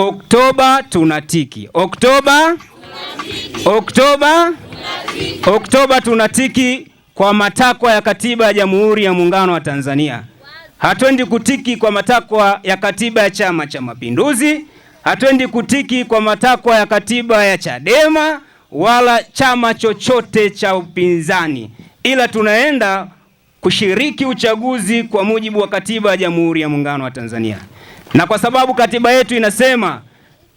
Oktoba tunatiki, Oktoba tunatiki, Oktoba tunatiki, Oktoba tunatiki kwa matakwa ya katiba ya Jamhuri ya Muungano wa Tanzania. Hatuendi kutiki kwa matakwa ya katiba ya Chama cha Mapinduzi, hatuendi kutiki kwa matakwa ya katiba ya Chadema wala chama chochote cha upinzani, ila tunaenda kushiriki uchaguzi kwa mujibu wa katiba ya Jamhuri ya Muungano wa Tanzania na kwa sababu katiba yetu inasema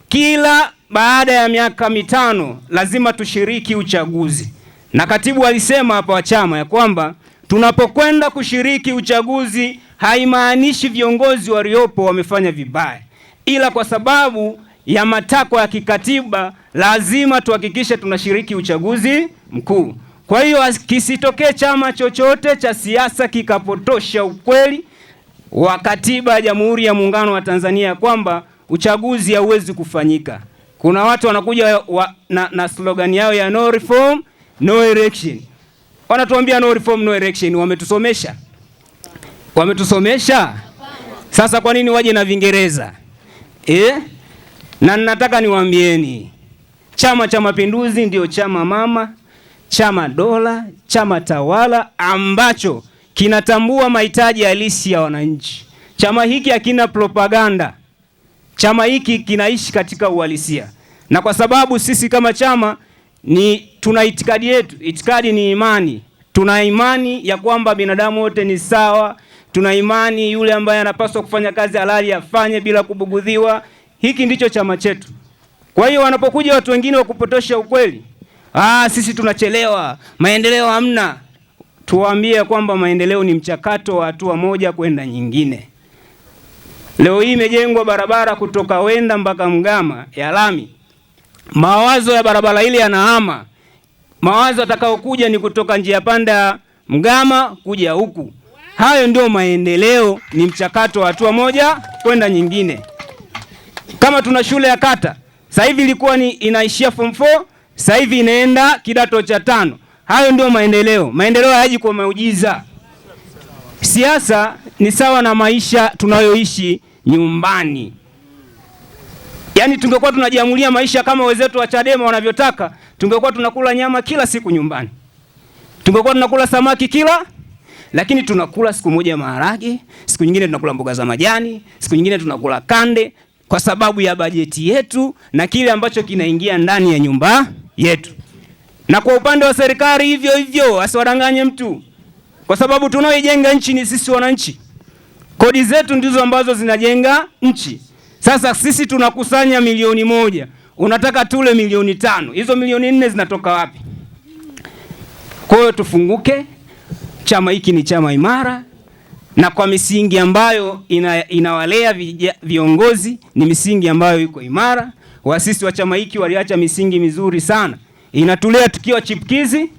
kila baada ya miaka mitano lazima tushiriki uchaguzi, na katibu alisema hapa wa chama ya kwamba tunapokwenda kushiriki uchaguzi haimaanishi viongozi waliopo wamefanya vibaya, ila kwa sababu ya matakwa ya kikatiba lazima tuhakikishe tunashiriki uchaguzi mkuu. Kwa hiyo kisitokee chama chochote cha siasa kikapotosha ukweli wa Katiba ya Jamhuri ya Muungano wa Tanzania kwamba uchaguzi hauwezi kufanyika. Kuna watu wanakuja wa, na, na slogan yao ya no reform no election, wanatuambia no reform no election. Wametusomesha, wametusomesha. Sasa kwa nini waje na Vingereza eh? Na nataka niwaambieni, Chama cha Mapinduzi ndio chama mama, chama dola, chama tawala ambacho kinatambua mahitaji halisi ya wananchi. Chama hiki hakina propaganda, chama hiki kinaishi katika uhalisia, na kwa sababu sisi kama chama ni tuna itikadi yetu, itikadi ni imani. Tuna imani ya kwamba binadamu wote ni sawa, tuna imani yule ambaye anapaswa kufanya kazi halali afanye bila kubugudhiwa. Hiki ndicho chama chetu. Kwa hiyo wanapokuja watu wengine wakupotosha ukweli, ah, sisi tunachelewa, maendeleo hamna tuwaambie kwamba maendeleo ni mchakato wa hatua moja kwenda nyingine. Leo hii imejengwa barabara kutoka Wenda mpaka Mgama ya lami. Mawazo ya barabara ile yanahama, mawazo atakaokuja ni kutoka njia panda Mgama kuja huku. Hayo ndio maendeleo, ni mchakato wa hatua moja kwenda nyingine. Kama tuna shule ya kata, sasa hivi ilikuwa ni inaishia form 4, sasa hivi inaenda kidato cha tano. Hayo ndio maendeleo. Maendeleo hayaji kwa maujiza. Siasa ni sawa na maisha tunayoishi nyumbani. Yaani tungekuwa tunajiamulia maisha kama wenzetu wa Chadema wanavyotaka, tungekuwa tunakula nyama kila siku nyumbani, tungekuwa tunakula samaki kila lakini tunakula siku moja maharage, siku nyingine tunakula mboga za majani, siku nyingine tunakula kande, kwa sababu ya bajeti yetu na kile ambacho kinaingia ndani ya nyumba yetu na kwa upande wa serikali hivyo hivyo, asiwadanganye mtu, kwa sababu tunaoijenga nchi ni sisi wananchi. Kodi zetu ndizo ambazo zinajenga nchi. Sasa sisi tunakusanya milioni moja, unataka tule milioni tano, hizo milioni nne zinatoka wapi? Kwa hiyo tufunguke, chama hiki ni chama imara na kwa misingi ambayo ina, inawalea viongozi ni misingi ambayo iko imara. Waasisi wa chama hiki waliacha misingi mizuri sana inatulea tukiwa chipkizi.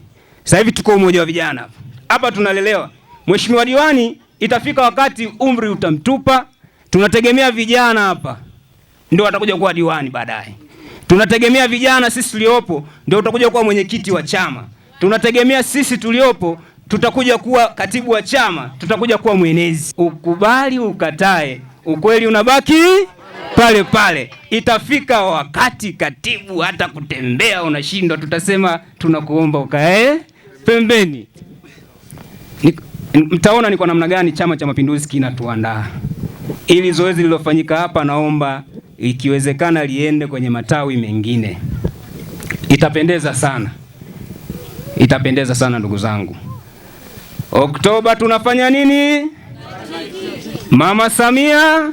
Sasa hivi tuko umoja wa vijana hapa hapa, tunalelewa. Mheshimiwa diwani, itafika wakati umri utamtupa. Tunategemea vijana hapa ndio watakuja kuwa diwani baadaye. Tunategemea vijana sisi tuliopo ndio utakuja kuwa mwenyekiti wa chama. Tunategemea sisi tuliopo tutakuja kuwa katibu wa chama, tutakuja kuwa mwenezi. Ukubali ukatae, ukweli unabaki pale pale. Itafika wakati katibu hata kutembea unashindwa, tutasema tunakuomba ukae pembeni. mtaona ni kwa namna gani Chama cha Mapinduzi kinatuandaa ili zoezi lilofanyika hapa, naomba ikiwezekana liende kwenye matawi mengine, itapendeza sana, itapendeza sana ndugu zangu. Oktoba tunafanya nini? Mama Samia